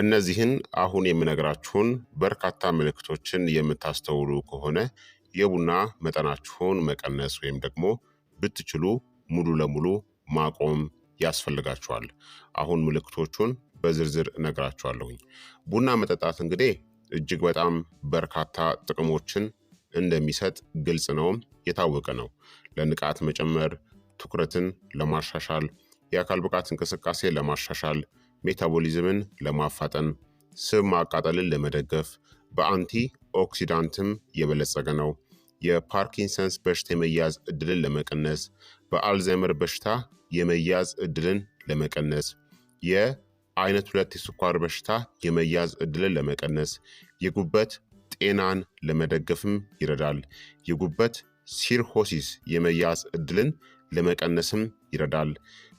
እነዚህን አሁን የምነግራችሁን በርካታ ምልክቶችን የምታስተውሉ ከሆነ የቡና መጠናችሁን መቀነስ ወይም ደግሞ ብትችሉ ሙሉ ለሙሉ ማቆም ያስፈልጋችኋል። አሁን ምልክቶቹን በዝርዝር እነግራችኋለሁኝ። ቡና መጠጣት እንግዲህ እጅግ በጣም በርካታ ጥቅሞችን እንደሚሰጥ ግልጽ ነውም የታወቀ ነው። ለንቃት መጨመር፣ ትኩረትን ለማሻሻል፣ የአካል ብቃት እንቅስቃሴ ለማሻሻል ሜታቦሊዝምን ለማፋጠን፣ ስብ ማቃጠልን ለመደገፍ በአንቲ ኦክሲዳንትም የበለጸገ ነው። የፓርኪንሰንስ በሽታ የመያዝ እድልን ለመቀነስ፣ በአልዛይመር በሽታ የመያዝ እድልን ለመቀነስ፣ የአይነት ሁለት የስኳር በሽታ የመያዝ እድልን ለመቀነስ፣ የጉበት ጤናን ለመደገፍም ይረዳል። የጉበት ሲርሆሲስ የመያዝ እድልን ለመቀነስም ይረዳል።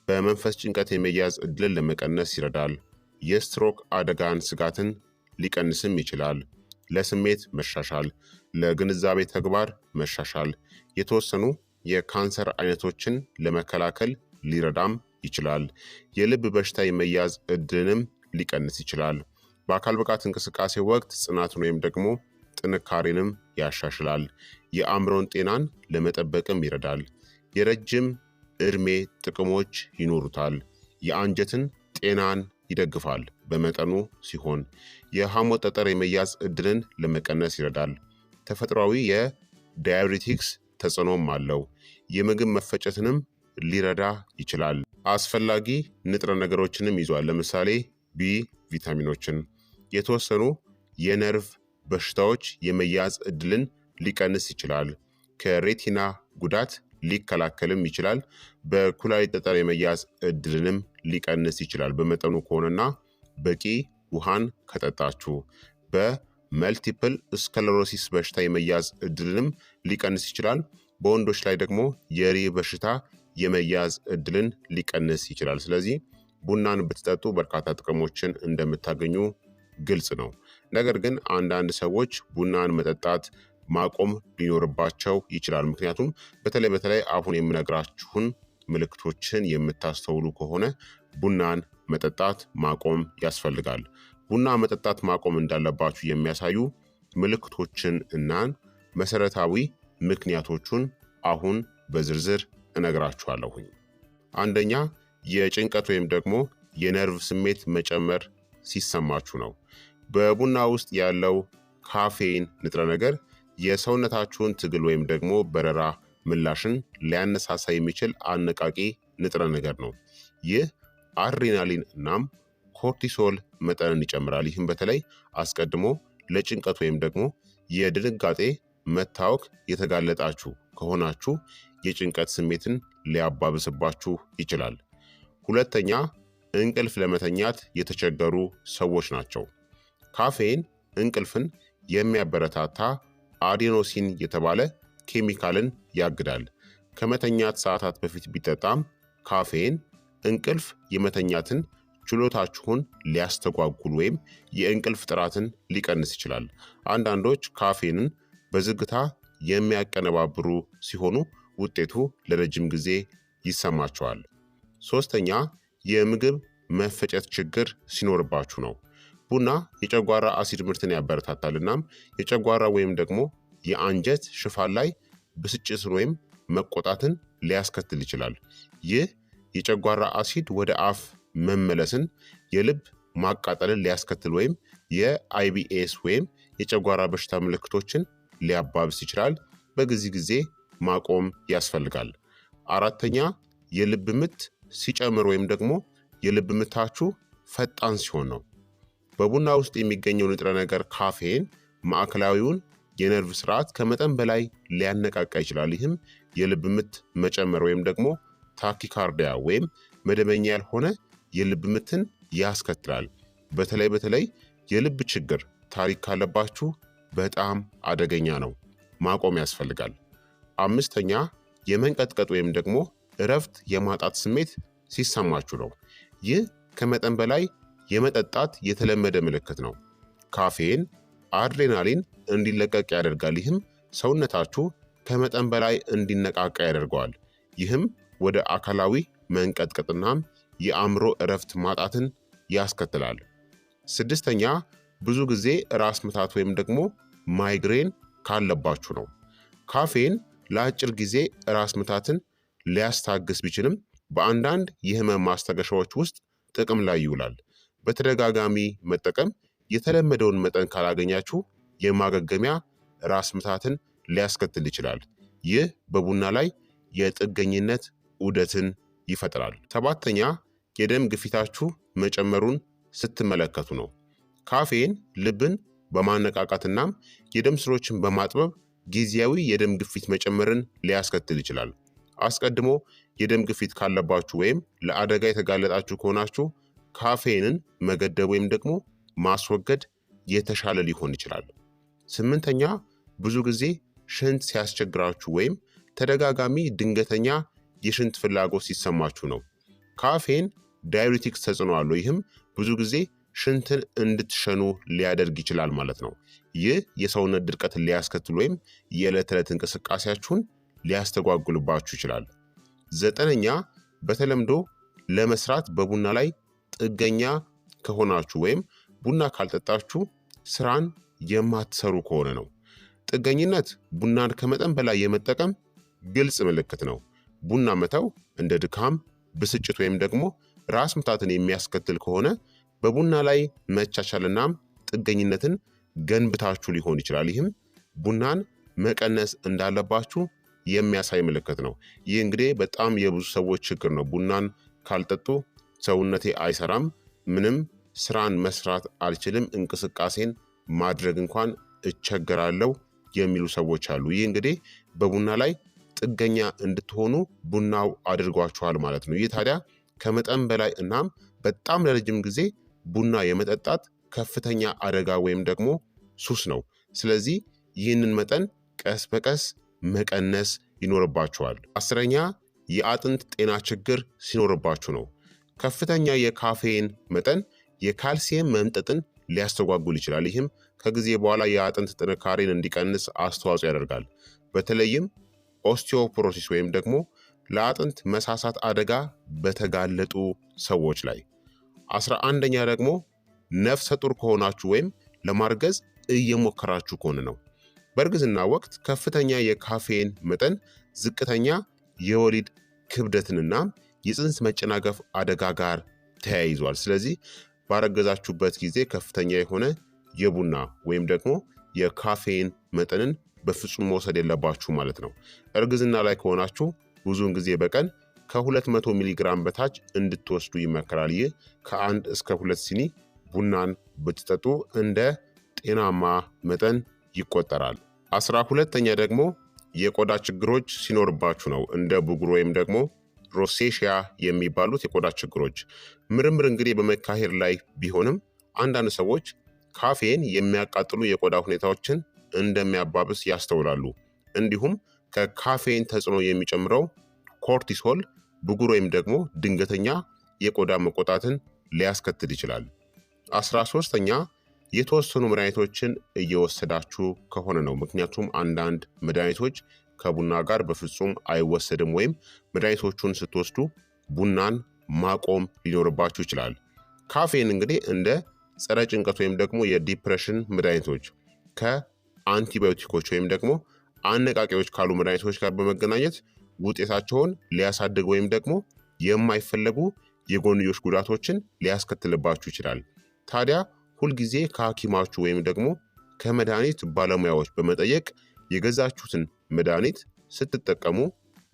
በመንፈስ ጭንቀት የመያዝ እድልን ለመቀነስ ይረዳል። የስትሮክ አደጋን ስጋትን ሊቀንስም ይችላል። ለስሜት መሻሻል፣ ለግንዛቤ ተግባር መሻሻል የተወሰኑ የካንሰር አይነቶችን ለመከላከል ሊረዳም ይችላል። የልብ በሽታ የመያዝ እድልንም ሊቀንስ ይችላል። በአካል ብቃት እንቅስቃሴ ወቅት ጽናትን ወይም ደግሞ ጥንካሬንም ያሻሽላል። የአእምሮን ጤናን ለመጠበቅም ይረዳል። የረጅም እድሜ ጥቅሞች ይኖሩታል። የአንጀትን ጤናን ይደግፋል በመጠኑ ሲሆን፣ የሐሞት ጠጠር የመያዝ እድልን ለመቀነስ ይረዳል። ተፈጥሯዊ የዳዩሪቲክስ ተጽዕኖም አለው። የምግብ መፈጨትንም ሊረዳ ይችላል። አስፈላጊ ንጥረ ነገሮችንም ይዟል። ለምሳሌ ቢ ቪታሚኖችን። የተወሰኑ የነርቭ በሽታዎች የመያዝ እድልን ሊቀንስ ይችላል። ከሬቲና ጉዳት ሊከላከልም ይችላል። በኩላሊት ጠጠር የመያዝ እድልንም ሊቀንስ ይችላል በመጠኑ ከሆነና በቂ ውሃን ከጠጣችሁ። በመልቲፕል ስክለሮሲስ በሽታ የመያዝ እድልንም ሊቀንስ ይችላል። በወንዶች ላይ ደግሞ የሪህ በሽታ የመያዝ እድልን ሊቀንስ ይችላል። ስለዚህ ቡናን ብትጠጡ በርካታ ጥቅሞችን እንደምታገኙ ግልጽ ነው። ነገር ግን አንዳንድ ሰዎች ቡናን መጠጣት ማቆም ሊኖርባቸው ይችላል። ምክንያቱም በተለይ በተለይ አሁን የምነግራችሁን ምልክቶችን የምታስተውሉ ከሆነ ቡናን መጠጣት ማቆም ያስፈልጋል። ቡና መጠጣት ማቆም እንዳለባችሁ የሚያሳዩ ምልክቶችን እናን መሰረታዊ ምክንያቶቹን አሁን በዝርዝር እነግራችኋለሁኝ። አንደኛ የጭንቀት ወይም ደግሞ የነርቭ ስሜት መጨመር ሲሰማችሁ ነው። በቡና ውስጥ ያለው ካፌን ንጥረ ነገር የሰውነታችሁን ትግል ወይም ደግሞ በረራ ምላሽን ሊያነሳሳ የሚችል አነቃቂ ንጥረ ነገር ነው። ይህ አድሬናሊን እናም ኮርቲሶል መጠንን ይጨምራል። ይህም በተለይ አስቀድሞ ለጭንቀት ወይም ደግሞ የድንጋጤ መታወክ የተጋለጣችሁ ከሆናችሁ የጭንቀት ስሜትን ሊያባብስባችሁ ይችላል። ሁለተኛ እንቅልፍ ለመተኛት የተቸገሩ ሰዎች ናቸው። ካፌን እንቅልፍን የሚያበረታታ አዴኖሲን የተባለ ኬሚካልን ያግዳል። ከመተኛት ሰዓታት በፊት ቢጠጣም ካፌን እንቅልፍ የመተኛትን ችሎታችሁን ሊያስተጓጉል ወይም የእንቅልፍ ጥራትን ሊቀንስ ይችላል። አንዳንዶች ካፌንን በዝግታ የሚያቀነባብሩ ሲሆኑ ውጤቱ ለረጅም ጊዜ ይሰማቸዋል። ሶስተኛ የምግብ መፈጨት ችግር ሲኖርባችሁ ነው። ቡና የጨጓራ አሲድ ምርትን ያበረታታል። እናም የጨጓራ ወይም ደግሞ የአንጀት ሽፋን ላይ ብስጭትን ወይም መቆጣትን ሊያስከትል ይችላል። ይህ የጨጓራ አሲድ ወደ አፍ መመለስን፣ የልብ ማቃጠልን ሊያስከትል ወይም የአይቢኤስ ወይም የጨጓራ በሽታ ምልክቶችን ሊያባብስ ይችላል። በጊዜ ጊዜ ማቆም ያስፈልጋል። አራተኛ የልብ ምት ሲጨምር ወይም ደግሞ የልብ ምታችሁ ፈጣን ሲሆን ነው። በቡና ውስጥ የሚገኘው ንጥረ ነገር ካፌን ማዕከላዊውን የነርቭ ስርዓት ከመጠን በላይ ሊያነቃቃ ይችላል። ይህም የልብ ምት መጨመር ወይም ደግሞ ታኪካርዲያ ወይም መደበኛ ያልሆነ የልብ ምትን ያስከትላል። በተለይ በተለይ የልብ ችግር ታሪክ ካለባችሁ በጣም አደገኛ ነው፣ ማቆም ያስፈልጋል። አምስተኛ የመንቀጥቀጥ ወይም ደግሞ እረፍት የማጣት ስሜት ሲሰማችሁ ነው። ይህ ከመጠን በላይ የመጠጣት የተለመደ ምልክት ነው። ካፌን አድሬናሊን እንዲለቀቅ ያደርጋል። ይህም ሰውነታችሁ ከመጠን በላይ እንዲነቃቃ ያደርገዋል። ይህም ወደ አካላዊ መንቀጥቀጥናም የአእምሮ እረፍት ማጣትን ያስከትላል። ስድስተኛ ብዙ ጊዜ ራስ ምታት ወይም ደግሞ ማይግሬን ካለባችሁ ነው። ካፌን ለአጭር ጊዜ ራስ ምታትን ሊያስታግስ ቢችልም በአንዳንድ የህመም ማስታገሻዎች ውስጥ ጥቅም ላይ ይውላል። በተደጋጋሚ መጠቀም የተለመደውን መጠን ካላገኛችሁ የማገገሚያ ራስ ምታትን ሊያስከትል ይችላል። ይህ በቡና ላይ የጥገኝነት ዑደትን ይፈጥራል። ሰባተኛ የደም ግፊታችሁ መጨመሩን ስትመለከቱ ነው። ካፌን ልብን በማነቃቃትናም የደም ስሮችን በማጥበብ ጊዜያዊ የደም ግፊት መጨመርን ሊያስከትል ይችላል። አስቀድሞ የደም ግፊት ካለባችሁ ወይም ለአደጋ የተጋለጣችሁ ከሆናችሁ ካፌንን መገደብ ወይም ደግሞ ማስወገድ የተሻለ ሊሆን ይችላል። ስምንተኛ ብዙ ጊዜ ሽንት ሲያስቸግራችሁ ወይም ተደጋጋሚ ድንገተኛ የሽንት ፍላጎት ሲሰማችሁ ነው። ካፌን ዳይሪቲክስ ተጽዕኖ አለው። ይህም ብዙ ጊዜ ሽንትን እንድትሸኑ ሊያደርግ ይችላል ማለት ነው። ይህ የሰውነት ድርቀትን ሊያስከትል ወይም የዕለት ዕለት እንቅስቃሴያችሁን ሊያስተጓጉልባችሁ ይችላል። ዘጠነኛ በተለምዶ ለመስራት በቡና ላይ ጥገኛ ከሆናችሁ ወይም ቡና ካልጠጣችሁ ስራን የማትሰሩ ከሆነ ነው። ጥገኝነት ቡናን ከመጠን በላይ የመጠቀም ግልጽ ምልክት ነው። ቡና መተው እንደ ድካም፣ ብስጭት ወይም ደግሞ ራስ ምታትን የሚያስከትል ከሆነ በቡና ላይ መቻቻልናም ጥገኝነትን ገንብታችሁ ሊሆን ይችላል። ይህም ቡናን መቀነስ እንዳለባችሁ የሚያሳይ ምልክት ነው። ይህ እንግዲህ በጣም የብዙ ሰዎች ችግር ነው። ቡናን ካልጠጡ ሰውነቴ አይሰራም፣ ምንም ስራን መስራት አልችልም፣ እንቅስቃሴን ማድረግ እንኳን እቸገራለሁ የሚሉ ሰዎች አሉ። ይህ እንግዲህ በቡና ላይ ጥገኛ እንድትሆኑ ቡናው አድርጓችኋል ማለት ነው። ይህ ታዲያ ከመጠን በላይ እናም በጣም ለረጅም ጊዜ ቡና የመጠጣት ከፍተኛ አደጋ ወይም ደግሞ ሱስ ነው። ስለዚህ ይህንን መጠን ቀስ በቀስ መቀነስ ይኖርባችኋል። አስረኛ የአጥንት ጤና ችግር ሲኖርባችሁ ነው። ከፍተኛ የካፌን መጠን የካልሲየም መምጠጥን ሊያስተጓጉል ይችላል። ይህም ከጊዜ በኋላ የአጥንት ጥንካሬን እንዲቀንስ አስተዋጽኦ ያደርጋል። በተለይም ኦስቲዮፖሮሲስ ወይም ደግሞ ለአጥንት መሳሳት አደጋ በተጋለጡ ሰዎች ላይ። አስራ አንደኛ ደግሞ ነፍሰ ጡር ከሆናችሁ ወይም ለማርገዝ እየሞከራችሁ ከሆነ ነው። በእርግዝና ወቅት ከፍተኛ የካፌን መጠን ዝቅተኛ የወሊድ ክብደትንና የፅንስ መጨናገፍ አደጋ ጋር ተያይዟል። ስለዚህ ባረገዛችሁበት ጊዜ ከፍተኛ የሆነ የቡና ወይም ደግሞ የካፌን መጠንን በፍጹም መውሰድ የለባችሁ ማለት ነው። እርግዝና ላይ ከሆናችሁ ብዙውን ጊዜ በቀን ከ200 ሚሊግራም በታች እንድትወስዱ ይመከራል። ይህ ከአንድ እስከ ሁለት ሲኒ ቡናን ብትጠጡ እንደ ጤናማ መጠን ይቆጠራል። አስራ ሁለተኛ ደግሞ የቆዳ ችግሮች ሲኖርባችሁ ነው እንደ ብጉር ወይም ደግሞ ሮሴሽያ የሚባሉት የቆዳ ችግሮች ምርምር እንግዲህ በመካሄድ ላይ ቢሆንም አንዳንድ ሰዎች ካፌን የሚያቃጥሉ የቆዳ ሁኔታዎችን እንደሚያባብስ ያስተውላሉ። እንዲሁም ከካፌን ተጽዕኖ የሚጨምረው ኮርቲሶል ብጉር ወይም ደግሞ ድንገተኛ የቆዳ መቆጣትን ሊያስከትል ይችላል። አስራ ሶስተኛ የተወሰኑ መድኃኒቶችን እየወሰዳችሁ ከሆነ ነው። ምክንያቱም አንዳንድ መድኃኒቶች ከቡና ጋር በፍጹም አይወሰድም ወይም መድኃኒቶቹን ስትወስዱ ቡናን ማቆም ሊኖርባችሁ ይችላል። ካፌን እንግዲህ እንደ ጸረ ጭንቀት ወይም ደግሞ የዲፕሬሽን መድኃኒቶች ከአንቲባዮቲኮች ወይም ደግሞ አነቃቂዎች ካሉ መድኃኒቶች ጋር በመገናኘት ውጤታቸውን ሊያሳድግ ወይም ደግሞ የማይፈለጉ የጎንዮሽ ጉዳቶችን ሊያስከትልባችሁ ይችላል። ታዲያ ሁልጊዜ ከሐኪማችሁ ወይም ደግሞ ከመድኃኒት ባለሙያዎች በመጠየቅ የገዛችሁትን መድኃኒት ስትጠቀሙ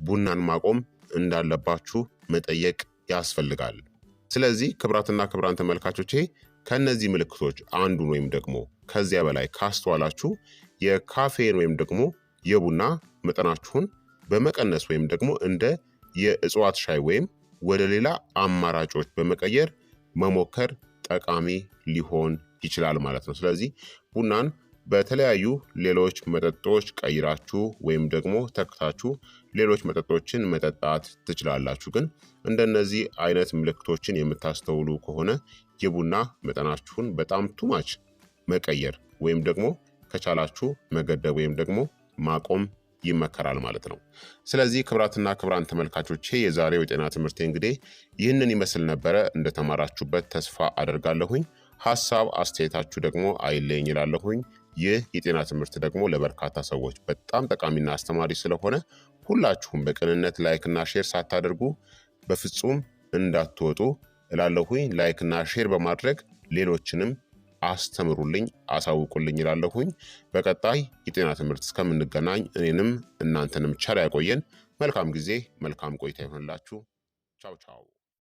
ቡናን ማቆም እንዳለባችሁ መጠየቅ ያስፈልጋል። ስለዚህ ክብራትና ክብራን ተመልካቾቼ ከእነዚህ ምልክቶች አንዱን ወይም ደግሞ ከዚያ በላይ ካስተዋላችሁ የካፌን ወይም ደግሞ የቡና መጠናችሁን በመቀነስ ወይም ደግሞ እንደ የእጽዋት ሻይ ወይም ወደ ሌላ አማራጮች በመቀየር መሞከር ጠቃሚ ሊሆን ይችላል ማለት ነው። ስለዚህ ቡናን በተለያዩ ሌሎች መጠጦች ቀይራችሁ ወይም ደግሞ ተክታችሁ ሌሎች መጠጦችን መጠጣት ትችላላችሁ። ግን እንደነዚህ አይነት ምልክቶችን የምታስተውሉ ከሆነ የቡና መጠናችሁን በጣም ቱማች መቀየር ወይም ደግሞ ከቻላችሁ መገደብ ወይም ደግሞ ማቆም ይመከራል ማለት ነው። ስለዚህ ክብራትና ክብራን ተመልካቾቼ የዛሬው የጤና ትምህርቴ እንግዲህ ይህንን ይመስል ነበረ። እንደተማራችሁበት ተስፋ አደርጋለሁኝ። ሀሳብ አስተያየታችሁ ደግሞ አይለኝ ይላለሁኝ። ይህ የጤና ትምህርት ደግሞ ለበርካታ ሰዎች በጣም ጠቃሚና አስተማሪ ስለሆነ ሁላችሁም በቅንነት ላይክና ሼር ሳታደርጉ በፍጹም እንዳትወጡ እላለሁኝ። ላይክና ሼር በማድረግ ሌሎችንም አስተምሩልኝ፣ አሳውቁልኝ እላለሁኝ። በቀጣይ የጤና ትምህርት እስከምንገናኝ እኔንም እናንተንም ቸር ያቆየን። መልካም ጊዜ፣ መልካም ቆይታ ይሆንላችሁ። ቻው ቻው።